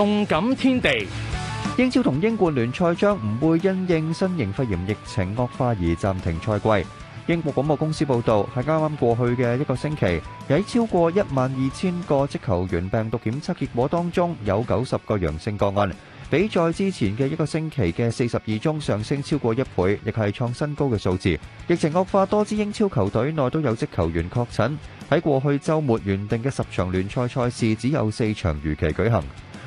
動感天地，英超同英冠聯賽將唔會因應新型肺炎疫情惡化而暫停賽季。英國廣播公司報道，喺啱啱過去嘅一個星期，喺超過一萬二千個職球員病毒檢測結果當中，有九十個陽性個案，比在之前嘅一個星期嘅四十二宗上升超過一倍，亦係創新高嘅數字。疫情惡化，多支英超球隊內都有職球員確診。喺過去周末原定嘅十場聯賽賽事，只有四場如期舉行。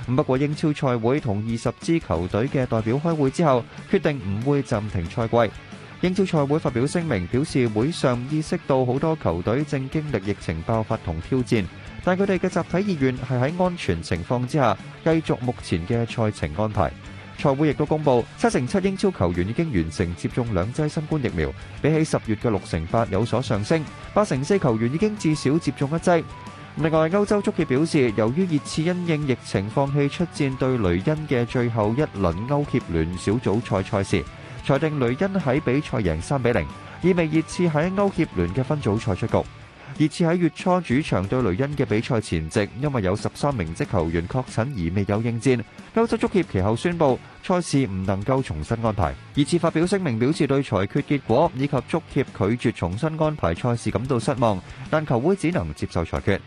不過英超賽會同二十支球隊嘅代表開會之後，決定唔會暫停賽季。英超賽會發表聲明表示，會上意識到好多球隊正經歷疫情爆發同挑戰，但佢哋嘅集體意願係喺安全情況之下繼續目前嘅賽程安排。賽會亦都公布，七成七英超球員已經完成接種兩劑新冠疫苗，比起十月嘅六成八有所上升。八成四球員已經至少接種一劑。另外，歐洲足協表示，由於熱刺因應疫情放棄出戰對雷恩嘅最後一輪歐協聯小組賽賽事，裁定雷恩喺比賽贏三比零，意味熱刺喺歐協聯嘅分組賽出局。熱刺喺月初主場對雷恩嘅比賽前夕，因為有十三名職球員確診而未有應戰。歐洲足協其後宣布賽事唔能夠重新安排。熱刺發表聲明表示對裁決結果以及足協拒絕重新安排賽事感到失望，但球會只能接受裁決。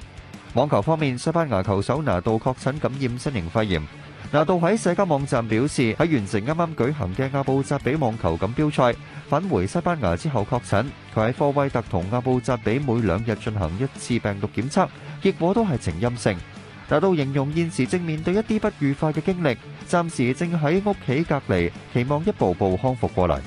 網球方面，西班牙球手拿度確診感染新型肺炎。拿度喺社交網站表示，喺完成啱啱舉行嘅阿布扎比網球錦標賽返回西班牙之後確診，佢喺科威特同阿布扎比每兩日進行一次病毒檢測結果都係呈陰性。拿度形容現時正面對一啲不愉快嘅經歷，暫時正喺屋企隔離，期望一步步康復過嚟。